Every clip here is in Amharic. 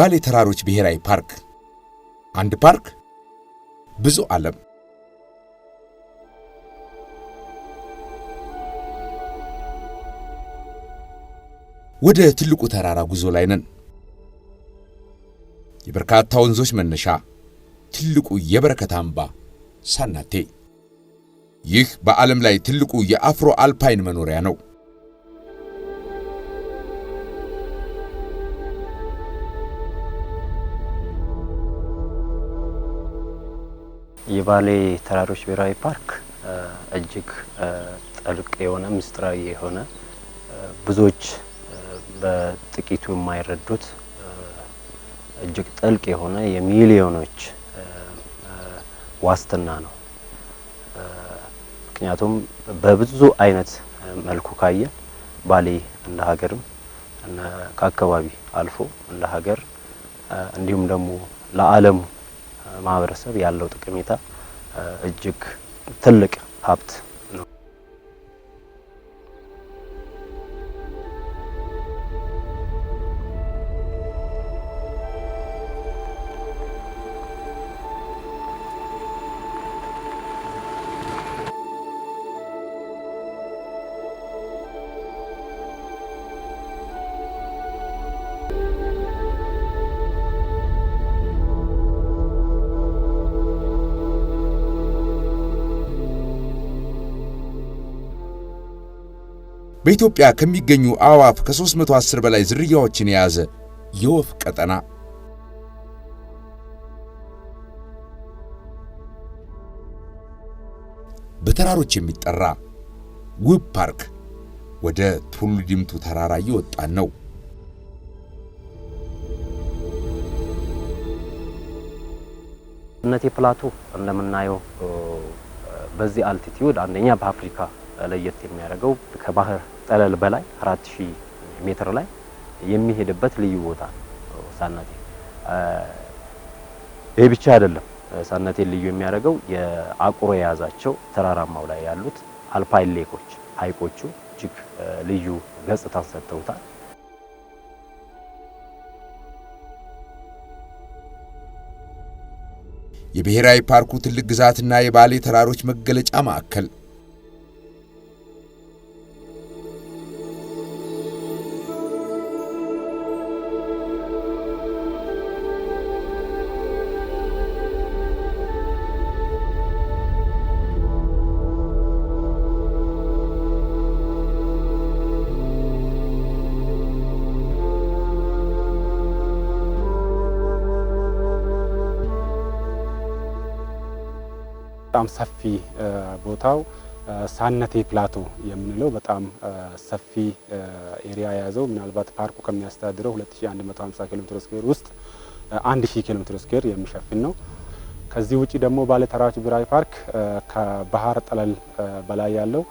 ባሌ ተራሮች ብሔራዊ ፓርክ አንድ ፓርክ ብዙ ዓለም። ወደ ትልቁ ተራራ ጉዞ ላይ ነን። የበርካታ ወንዞች መነሻ ትልቁ የበረከት አምባ ሳናቴ። ይህ በዓለም ላይ ትልቁ የአፍሮ አልፓይን መኖሪያ ነው። የባሌ ተራሮች ብሔራዊ ፓርክ እጅግ ጥልቅ የሆነ ምስጢራዊ የሆነ ብዙዎች በጥቂቱ የማይረዱት እጅግ ጥልቅ የሆነ የሚሊዮኖች ዋስትና ነው። ምክንያቱም በብዙ አይነት መልኩ ካየን ባሌ እንደ ሀገርም ከአካባቢ አልፎ እንደ ሀገር እንዲሁም ደግሞ ለዓለሙ ማህበረሰብ ያለው ጠቀሜታ እጅግ ትልቅ ሀብት በኢትዮጵያ ከሚገኙ አዕዋፍ ከ310 በላይ ዝርያዎችን የያዘ የወፍ ቀጠና በተራሮች የሚጠራ ውብ ፓርክ ወደ ቱሉ ዲምቱ ተራራ እየወጣን ነው። እነቴ ፕላቶ እንደምናየው በዚህ አልቲቲዩድ አንደኛ በአፍሪካ ለየት የሚያደርገው ከባህር ጠለል በላይ 4000 ሜትር ላይ የሚሄድበት ልዩ ቦታ ነው ሳናቴ። ብቻ አይደለም። ሳነቴን ልዩ የሚያደርገው የአቁሮ የያዛቸው ተራራማው ላይ ያሉት አልፓይን ሌኮች ሀይቆቹ እጅግ ልዩ ገጽታን ሰጥተውታል። የብሔራዊ ፓርኩ ትልቅ ግዛትና የባሌ ተራሮች መገለጫ ማዕከል በጣም ሰፊ ቦታው ሳነቴ ፕላቶ የምንለው በጣም ሰፊ ኤሪያ የያዘው ምናልባት ፓርኩ ከሚያስተዳድረው 2150 ኪሎ ሜትር ስኩዌር ውስጥ 1000 ኪሎ ሜትር ስኩዌር የሚሸፍን ነው። ከዚህ ውጪ ደግሞ ባለ ተራራዎች ብሔራዊ ፓርክ ከባህር ጠለል በላይ ያለው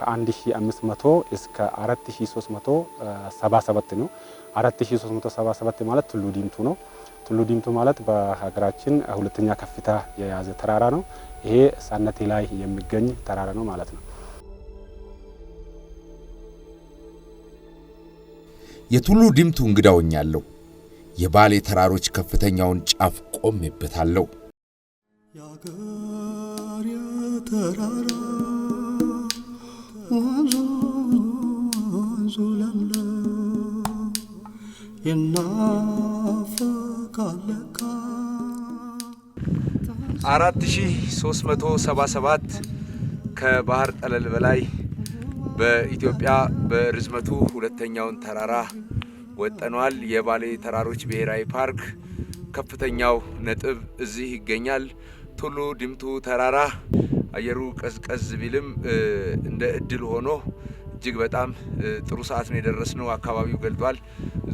ከ1500 እስከ 4377 ነው። 4377 ማለት ቱሉ ዲምቱ ነው። ቱሉ ዲምቱ ማለት በሀገራችን ሁለተኛ ከፍታ የያዘ ተራራ ነው። ይሄ ሳነቴ ላይ የሚገኝ ተራራ ነው ማለት ነው። የቱሉ ዲምቱ እንግዳውኛለሁ። የባሌ ተራሮች ከፍተኛውን ጫፍ ቆሜበታለሁ። 4377 ከባህር ጠለል በላይ በኢትዮጵያ በርዝመቱ ሁለተኛውን ተራራ ወጠኗል። የባሌ ተራሮች ብሔራዊ ፓርክ ከፍተኛው ነጥብ እዚህ ይገኛል። ቱሉ ድምቱ ተራራ አየሩ ቀዝቀዝ ቢልም እንደ እድል ሆኖ እጅግ በጣም ጥሩ ሰዓት ነው የደረስነው። አካባቢው ገልጧል።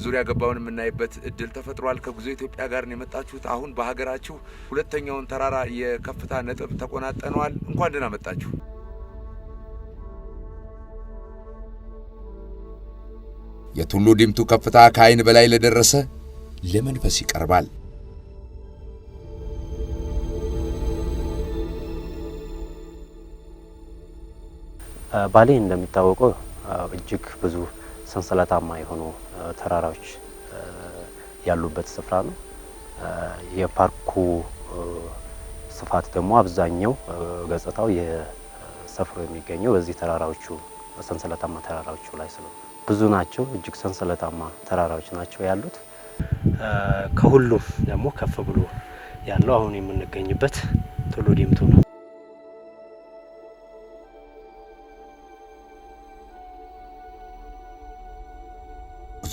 ዙሪያ ገባውን የምናይበት እድል ተፈጥሯል። ከጉዞ ኢትዮጵያ ጋር ነው የመጣችሁት። አሁን በሀገራችሁ ሁለተኛውን ተራራ የከፍታ ነጥብ ተቆናጠነዋል። እንኳን ደህና መጣችሁ። የቱሉ ዲምቱ ከፍታ ከአይን በላይ ለደረሰ ለመንፈስ ይቀርባል። ባሌ እንደሚታወቀው እጅግ ብዙ ሰንሰለታማ የሆኑ ተራራዎች ያሉበት ስፍራ ነው። የፓርኩ ስፋት ደግሞ አብዛኛው ገጽታው የሰፍሮ የሚገኘው በዚህ ተራራዎቹ ሰንሰለታማ ተራራዎቹ ላይ ስለ ብዙ ናቸው። እጅግ ሰንሰለታማ ተራራዎች ናቸው ያሉት። ከሁሉም ደግሞ ከፍ ብሎ ያለው አሁን የምንገኝበት ቶሎ ዲምቱ ነው።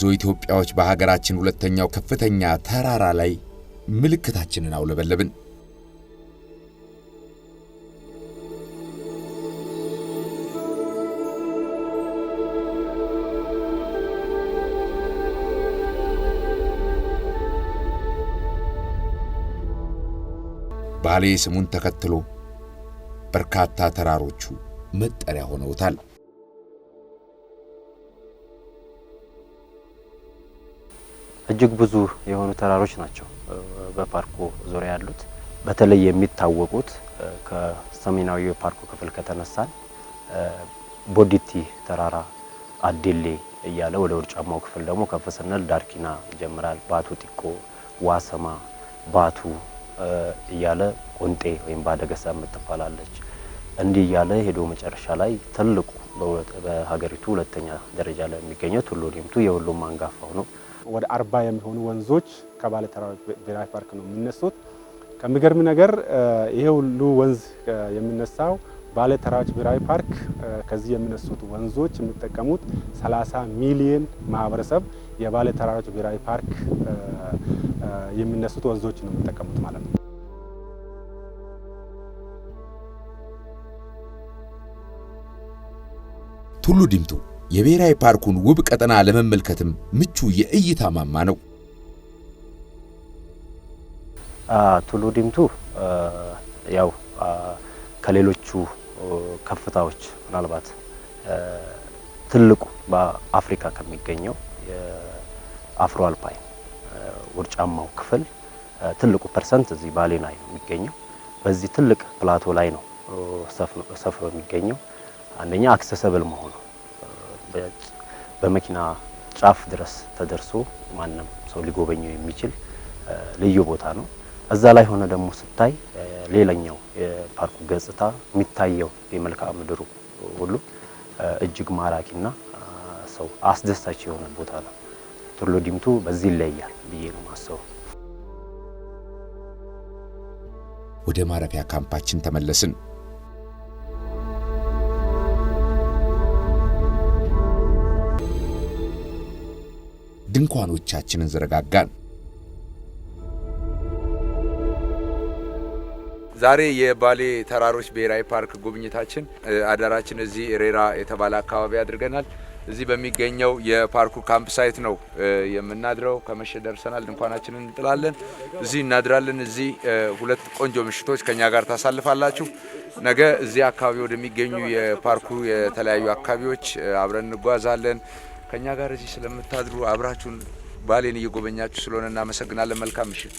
ብዙ ኢትዮጵያዎች በሀገራችን ሁለተኛው ከፍተኛ ተራራ ላይ ምልክታችንን አውለበለብን። ባሌ ስሙን ተከትሎ በርካታ ተራሮቹ መጠሪያ ሆነውታል። እጅግ ብዙ የሆኑ ተራሮች ናቸው በፓርኩ ዙሪያ ያሉት። በተለይ የሚታወቁት ከሰሜናዊ የፓርኩ ክፍል ከተነሳን ቦዲቲ ተራራ፣ አዴሌ እያለ ወደ ውርጫማው ክፍል ደግሞ ከፍ ስንል ዳርኪና ይጀምራል። ባቱ ጢቆ፣ ዋሰማ፣ ባቱ እያለ ቆንጤ ወይም ባደገሳ የምትባላለች እንዲህ እያለ ሄዶ መጨረሻ ላይ ትልቁ በሀገሪቱ ሁለተኛ ደረጃ ላይ የሚገኘው ቱሉ ዲምቱ የሁሉም አንጋፋው ነው። ወደ አርባ የሚሆኑ ወንዞች ከባሌተራዊ ብሔራዊ ፓርክ ነው የሚነሱት። ከሚገርም ነገር ይሄ ሁሉ ወንዝ የሚነሳው ባሌተራዎች ብሔራዊ ፓርክ ከዚህ የሚነሱት ወንዞች የሚጠቀሙት 30 ሚሊዮን ማህበረሰብ የባሌተራዎች ብሔራዊ ፓርክ የሚነሱት ወንዞች ነው የሚጠቀሙት ማለት ነው። ቱሉ ዲምቱ የብሔራዊ ፓርኩን ውብ ቀጠና ለመመልከትም ምቹ የእይታ ማማ ነው። ቱሉ ዲምቱ ያው ከሌሎቹ ከፍታዎች ምናልባት ትልቁ በአፍሪካ ከሚገኘው የአፍሮ አልፓይን ውርጫማው ክፍል ትልቁ ፐርሰንት እዚህ ባሌ ላይ ነው የሚገኘው። በዚህ ትልቅ ፕላቶ ላይ ነው ሰፍሮ የሚገኘው። አንደኛ አክሰሰብል መሆኑ በመኪና ጫፍ ድረስ ተደርሶ ማንም ሰው ሊጎበኘው የሚችል ልዩ ቦታ ነው። እዛ ላይ ሆነ ደግሞ ስታይ ሌላኛው የፓርኩ ገጽታ የሚታየው የመልክዓ ምድሩ ሁሉ እጅግ ማራኪና ሰው አስደሳች የሆነ ቦታ ነው። ቱሉ ዲምቱ በዚህ ይለያል ብዬ ነው ማሰቡ። ወደ ማረፊያ ካምፓችን ተመለስን። ድንኳኖቻችንን ዘረጋጋን። ዛሬ የባሌ ተራሮች ብሔራዊ ፓርክ ጉብኝታችን አዳራችን እዚህ ሬራ የተባለ አካባቢ አድርገናል። እዚህ በሚገኘው የፓርኩ ካምፕ ሳይት ነው የምናድረው። ከመሸ ደርሰናል። ድንኳናችንን እንጥላለን፣ እዚህ እናድራለን። እዚህ ሁለት ቆንጆ ምሽቶች ከኛ ጋር ታሳልፋላችሁ። ነገ እዚህ አካባቢ ወደሚገኙ የፓርኩ የተለያዩ አካባቢዎች አብረን እንጓዛለን። ከእኛ ጋር እዚህ ስለምታድሩ አብራችሁን ባሌን እየጎበኛችሁ ስለሆነ እናመሰግናለን። መልካም ምሽት።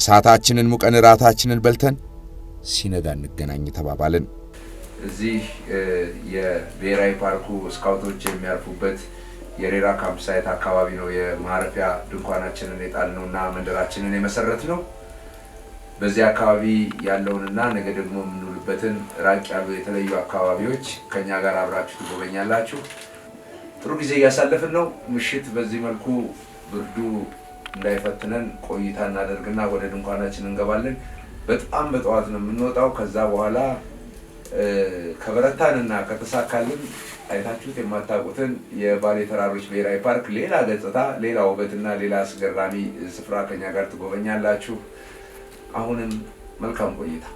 እሳታችንን ሙቀን እራታችንን በልተን ሲነጋ እንገናኝ ተባባልን። እዚህ የብሔራዊ ፓርኩ ስካውቶች የሚያርፉበት የሬራ ካምፕ ሳይት አካባቢ ነው የማረፊያ ድንኳናችንን የጣልነው እና መንደራችንን የመሰረት ነው። በዚህ አካባቢ ያለውንና ነገ ደግሞ የምንውልበትን ራቅ ያሉ የተለዩ አካባቢዎች ከኛ ጋር አብራችሁ ትጎበኛላችሁ። ጥሩ ጊዜ እያሳለፍን ነው። ምሽት በዚህ መልኩ ብርዱ እንዳይፈትነን ቆይታ እናደርግና ወደ ድንኳናችን እንገባለን። በጣም በጠዋት ነው የምንወጣው። ከዛ በኋላ ከበረታንና ከተሳካልን አይታችሁት የማታውቁትን የባሌ ተራሮች ብሔራዊ ፓርክ ሌላ ገጽታ፣ ሌላ ውበትና ሌላ አስገራሚ ስፍራ ከኛ ጋር ትጎበኛላችሁ። አሁንም መልካም ቆይታ